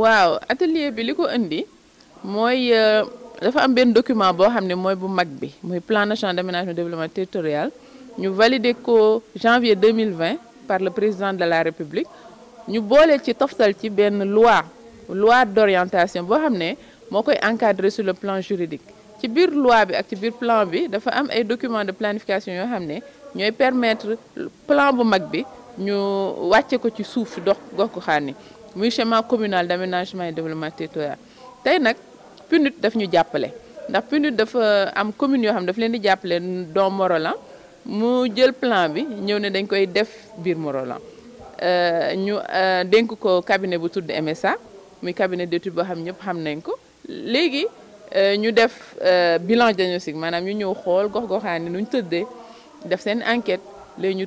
waaw atelier bi li ko indi mooy euh, dafa am benn document boo xam ne mooy bu mag bi plan développement territorial ñu validé ko janvier 2020 par le président de la république Nous avons ci une ci loi loi d'orientation boo xam ne sur le plan juridique ci biir loi bi ak ci biir plan bi dafa am de planification yoo xam ne permettre plan bu mag bi ñu wàcce ko ci muy schéma communal d'aménagement et développement territorial tey nag PNUD daf ñu jàppale ndax PNUD dafa am commune yoo xam ne daf leen di jàppale doom Morolan mu jël plan bi ñëw ne dañ koy def biir Morolan euh, ñu euh, dénk ko cabinet bu tudd MSA muy cabinet d'étude boo xam ñëpp xam nañ ko léegi euh, ñu def bilan diagnostique maanaam ñu ñëw xool gox goxaan ni ñu tëddee def seen enquête léegi ñu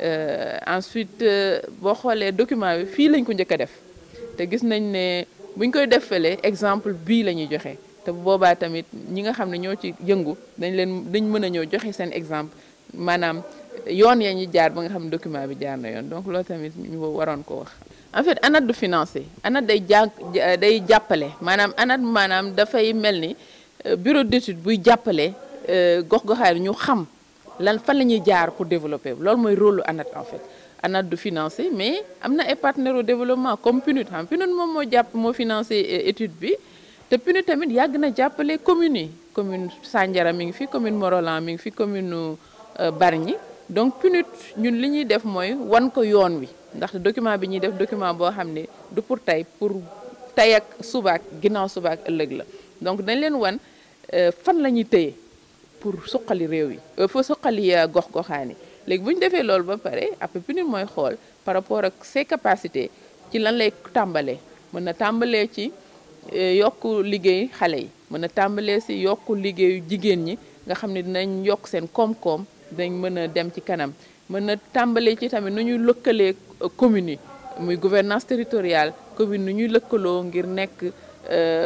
Euh, ensuite euh, boo xoolee document bi fii lañ ko njëkk a def te gis nañ ne buñ koy def fële exemple bii la ñuy joxe te bu boobaa tamit ñi nga xam ne ñoo ci yëngu dañ leen dañ mën a ñëw joxe seen exemple maanaam yoon ya ñuy jaar ba nga xam ne document bi jaar na yoon donc loolu tamit ñu waroon ko wax. en fait ANAT du financer ANAT day jàng day jàppale maanaam ANAT maanaam dafay mel ni euh, bureau d'étude buy jàppale gox-goxaan ñu xam. lan fan lañuy jaar pour développer loolu moy rôle lu ANAT en fait ANAT du financer mais amna e ay partenaires au développement comme PNUD xam PNUD moom moo jàpp moo financé euh, étude bi te PNUD tamit yàgg na jàppale communes commune Sandiara mi ngi fi commune Morolan mi ngi fi commune euh, Bargny donc PNUD ñun li ñuy def moy wan ko yoon wi ndax document bi ñuy def document bo xam du pour tay pour tay ak suba ak suba ak ëllëg la donc dañ leen wan euh, fan lañuy ñuy pour suqali réew yi euh, pour suqali euh, gox-goxaan yi léegi bu ñu defee loolu ba pare après PNUD mooy xool par rapport ak ses capacité ci lan lay tàmbalee mën na tàmbalee ci euh, yokku liggéey xale yi mën na tàmbalee si yokku liggéeyu jigéen ñi nga xam ne dinañ yokk seen koom-koom dinañ mën a dem ci kanam mën na tàmbalee ci tamit nu ñuy lëkkalee communes yi muy gouvernance territoriale commune nu ñuy lëkkaloo ngir nekk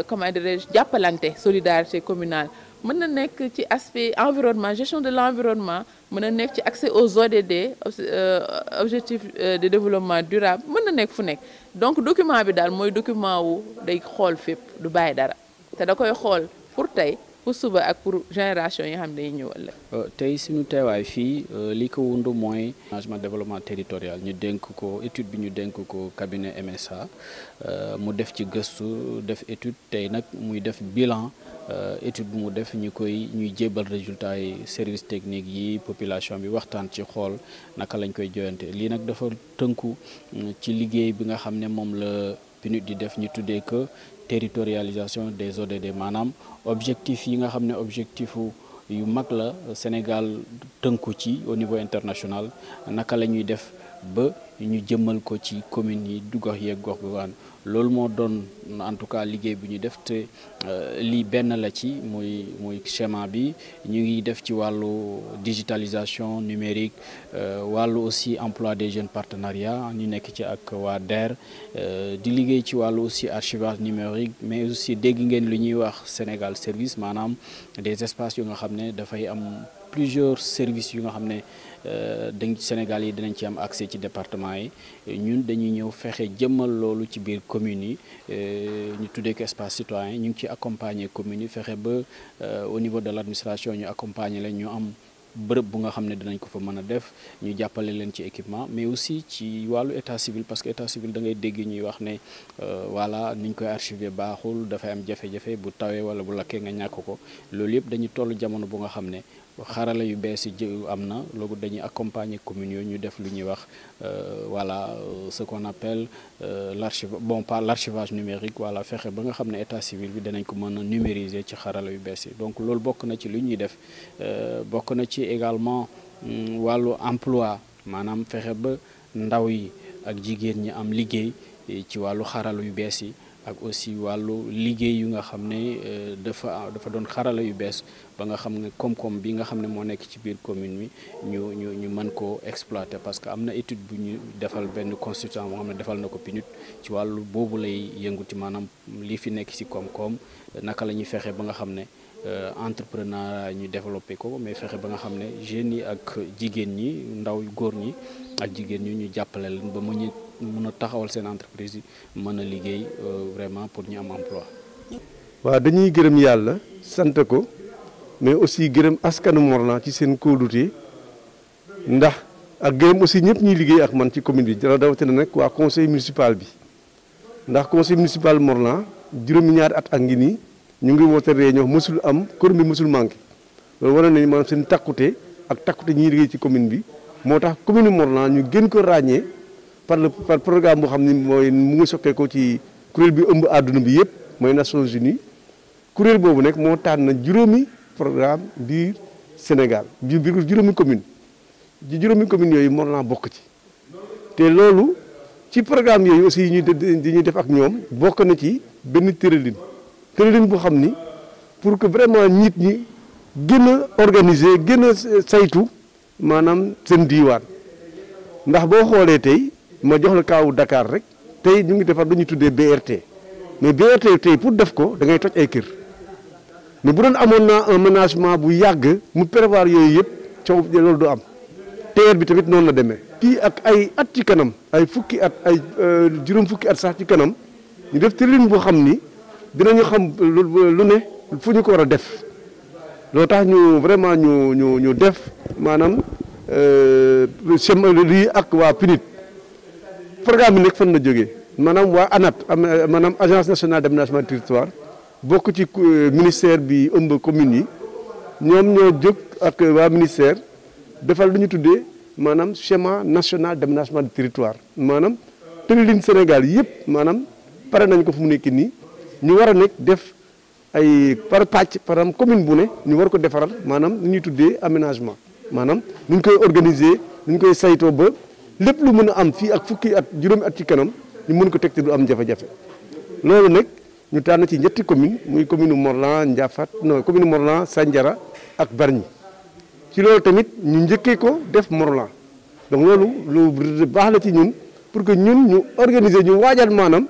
comment dirais-je jàppalante solidarité communale mën na nekk ci aspect environnement gestion de l'environnement mën na nekk ci accès aux ODD euh, objectif euh, de développement durable mën na nekk fu nekk donc document bi daal mooy document wu day xool fépp du bàyyi dara te da koy xool pour tey pour suba ak pour génération yi xam ne dañuy ñëw ëllëg euh, tey suñu teewaay fii li ko mooy management développement territorial ñu dénk ko étude bi ñu dénk ko cabinet MSA mu def ci gëstu def étude tey nag muy def bilan euh, étude bu mu def ñu koy ñuy jébal résultat yi service technique yi population bi waxtaan ci xool naka lañ koy joyante lii nag dafa tënku euh, ci liggéey bi nga xam ne moom la di def ñu tuddee que territorialisation des ODD maanaam objectif yi nga xam ne objectifu yu mag la Sénégal tënku ci au niveau international naka la ñuy def ba ñu jëmmal ko ci communes yi du gox yeeg gox goxaan loolu moo doon en tout cas liggéey bu ñu def te euh, lii benn la ci muy muy schéma bi ñu ngi def ci wàllu digitalisation numérique euh, wàllu aussi emploi des jeunes partenariat ñu nekk ci ak waa DER euh, di liggéey ci wàllu aussi archivage numérique mais aussi dégg ngeen lu ñuy wax Sénégal service maanaam des espaces yu nga xam ne dafay am plusieurs services yu nga xam ne Euh, dañ Sénégal yi dinañ ci am accès ci département yi ñun dañuy ñëw fexe jëmmal loolu ci biir communes yi euh, ñu tuddee ko espace citoyen ñu ngi ci accompagner commune yi fexe ba euh, au niveau de l'administration ñu accompagner leen ñu am bërëb bu nga xam ne dinañ ko fa mën a def ñu jàppale leen ci équipement mais aussi ci wàllu état civil parce que état civil dangay ngay dégg ñuy wax ne voilà niñ koy archiver baaxul dafay am jafe-jafe bu tawee wala bu lakkee nga ñàkk ko loolu yëpp dañu toll jamono bu nga xam ne xarala yu bees yi am dañuy accompagner communion yooyu ñu def lu ñuy wax euh, voilà euh, ce qu'on appelle euh, l'archivage. bon pas l'archivage numérique voilà fexe ba nga xam état civil bi danañ ko mëna numériser ci xarala yu bees donc lool bok na ci lu ñuy def bok na ci également hmm, walu emploi manam fexe ba ndaw yi ak jigéen ñi am liggéey eh, ci walu xarala yu bees ak aussi wàllu liggéey yu nga xam ne euh, dafa dafa doon xarala yu bees ba nga xam ne koom-koom bi nga xam ne moo nekk ci biir commune bi ñu ñu ñu mën ko exploiter parce que am na étude bu ñu defal benn consultant moo xam ne defal na ko pinut ci wàllu boobu lay yëngu maanaam lii fi nekk ci koom-koom naka la ñuy fexe ba nga xam ne Euh, entrepreneur ñu développé ko mais fexé ba nga xamné ne yi ak jigen ñi ndaw góor ñi ak jigen ñu ñu jappalé leen ba mu ñu taxawal seen entreprise mëna mën liggéey euh, vraiment pour ñu am emploi. wa dañuy gërëm yalla sante ko mais aussi gërëm askanu Morna ci seen kóolute ndax ak gërëm aussi ñepp ñi liggéey ak man ci commune bi dara rawatina nak wa conseil municipal bi ndax conseil municipal Morna juróomi ñaari at ak ngi nii. ñu ngi woote réunion mosul am kër bi mosul manqué loolu wane nañu maanaam seen takkute ak takkute ñuy liggéey ci commune bi moo tax commune Morlan ñu gën ko ràññee par le par programme boo xam ne mooy mu ngi sokkee ko ci kuréel bi ëmb àdduna bi yëpp mooy Nations uni kuréel boobu nag moo tànn na juróomi programme biir Sénégal biir juróomi commune ci juróomi commune yooyu Morlan bokk ci te loolu ci programme yooyu aussi ñuy ñuy def ak ñoom bokk na ci benn tëralin tëralin bu xam ni pour que vraiment nit ñi gën a organiser gën a saytu maanaam seen diiwaan ndax boo xoolee tey ma jox la kaawu dakaar rek tey ñu ngi defar lu ñuy tuddee BRT mais BRT tey pour def ko da ngay toj ay kër mais bu doon amoon naa un ménagement bu yàgg mu prévoir yooyu yëpp coow loolu du am teer bi tamit noon la demee. kii ak ay at ci kanam ay fukki at ay euh, juróom fukki at sax ci kanam ñu def tëralin bu xam ni. ñu xam lu ne fu ñu ko war a def loo tax ñu vraiment ñu ñu ñu def maanaam euh, sem lii ak waa PNUD programme bi nag fan la jóge maanaam waa ANAT am maanaam agence nationale d'aménagement du territoire bokk ci euh, ministère bi ëmb commune yi ñoom ñoo jóg ak waa ministère defal lu ñu tuddee maanaam schéma national d'aménagement du territoire maanaam tëralin Sénégal yëpp maanaam pare nañ ko fu mu nekk nii ñu war a nekk def ay par pàcc par exemple commune bu ne ñu war ko defaral maanaam lu ñuy tuddee aménagement maanaam nu ñu koy organiser nu koy saytoo ba lépp lu mën a am fii ak fukki at juróomi at ci kanam ñu mën ko teg te du am jafe-jafe loolu nag ñu tànn ci ñetti commune muy commune Morlan Ndiafat non commune Morlan Sandiara ak Bargny ci loolu tamit ñu njëkkee ko def Morlan donc loolu lu baax la ci ñun pour que ñun ñu organiser ñu waajal maanaam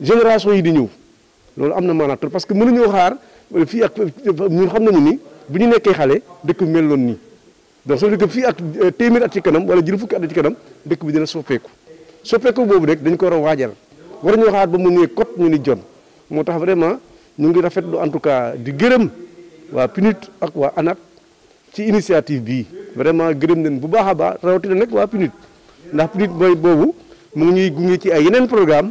génération yi di ñëw loolu am na maanaam parce que mënuñoo xaar fii ak ñun xam nañu ni bu ñu nekkee xale dëkk bi mel noonu nii donc ça veut dire que fii ak euh, téeméer at ci kanam wala juróom fukki at ci kanam dëkk bi dina soppeeku soppeeku boobu rek dañ ko war a waajal war ñoo xaar ba mu ñëwee kot ñu ni jon moo tax vraiment ñu ngi rafetlu en tout cas di gërëm waa PNUD ak waa ANAT ci initiative bii vraiment gërëm leen bu baax a baax rawatina nag waa PNUD ndax PNUD mooy boobu mu ngi ñuy gunge ci ay yeneen programme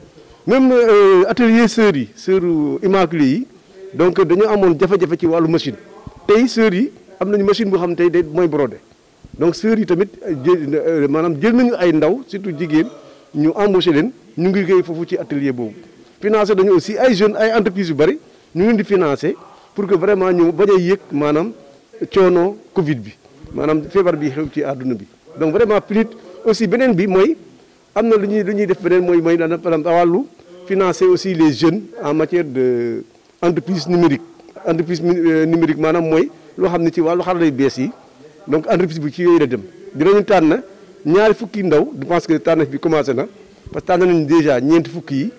même euh, atelier sœurs yi sœur immaculée yi donc dañu amoon jafe-jafe ci wàllu machine tey sœurs yi am nañu machine boo xam tey day mooy brodé donc sœurs yi tamit euh, jël euh, maanaam jël nañu ay ndaw surtout jigéen ñu embauché leen ñu ngi liggéey foofu ci atelier boobu financé dañu aussi ay jeunes ay entreprises yu bëri ñu ngi di financé pour que vraiment ñu bañ a yëg maanaam coono Covid bi maanaam feebar bi xew ci àdduna bi donc vraiment plus aussi beneen bi mooy am na lu ñuy lu ñuy def beneen mooy mooy dana par exemple wàllu financer aussi les jeunes en matière de entreprise numérique entreprise euh, numérique maanaam mooy loo xam ne ci wàllu xarala yu bees yi donc entreprise bi ci yooyu la dem dinañu tànn ñaari fukki ndaw je pense que tànn bi commencé na parce que tànn nañu déjà ñeenti fukki yi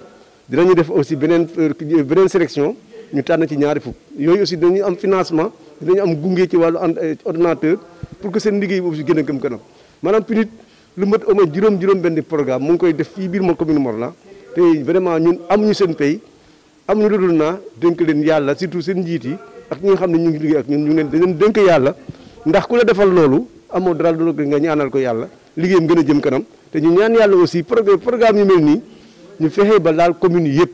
dinañu def aussi beneen euh, euh, beneen sélection ñu tànn ci ñaari fukk yooyu aussi dañuy am financement dinañu am gunge ci wàllu ordinateur pour que seen liggéey boobu si gën a gëm kanam maanaam lu mat au moins juróom-juróom benn programme mu ngi koy def fii biir ma commune Morlan te vraiment ñun amuñu seen pay amuñu lu dul naa dënk leen yàlla surtout seen njiit yi ak ñi xam ne ñu ngi liggéey ak ñun ñu ngi leen dañu dénk yàlla ndax ku la loolu amoo dara lu nga ñaanal ko yàlla liggéeyam gën a jëm kanam te ñu ñaan yàlla aussi programme yu mel nii ñu fexe ba laal commune yëpp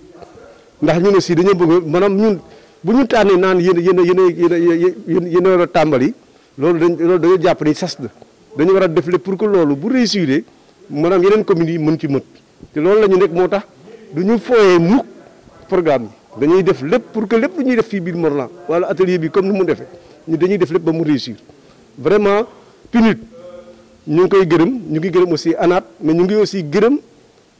ndax ñun aussi dañoo bëgg maanaam ñun bu ñu tànnee naan yéen yéen yéen yéen yéen war a tàmbali loolu dañ loolu dañoo jàpp ni sas la dañu war a def lépp pour que loolu bu réussir maanaam yeneen communes yi mën ci mët te loolu la ñu nekk moo tax du ñu fooyee mukk programme bi dañuy def lépp pour que lépp lu ñuy def fii biir Morlan wala atelier bi comme ni mu defee dañuy def lépp ba mu réussir vraiment PNUD ñu ngi koy gërëm ñu ngi gërëm aussi anaat mais ñu ngi aussi gërëm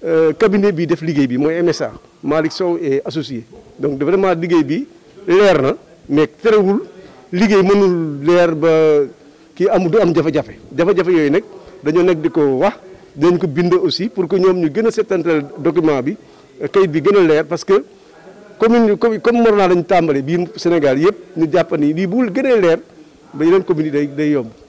euh, cabinet bi def liggéey bi mooy MSA Malick Sow et associé donc vraiment liggéey bi leer na mais terewul liggéey mënul leer ba. kii amul du am jafe-jafe jafe-jafe yooyu nag dañoo nekk di ko wax dinañ ko bind aussi pour que ñoom ñu gën a settantal document bi kayit bi gën a leer parce que commune comme comme Morna lañu tàmbale bii Sénégal yëpp ñu jàpp ni lii bu gën a leer ba yeneen commune yi day day yomb.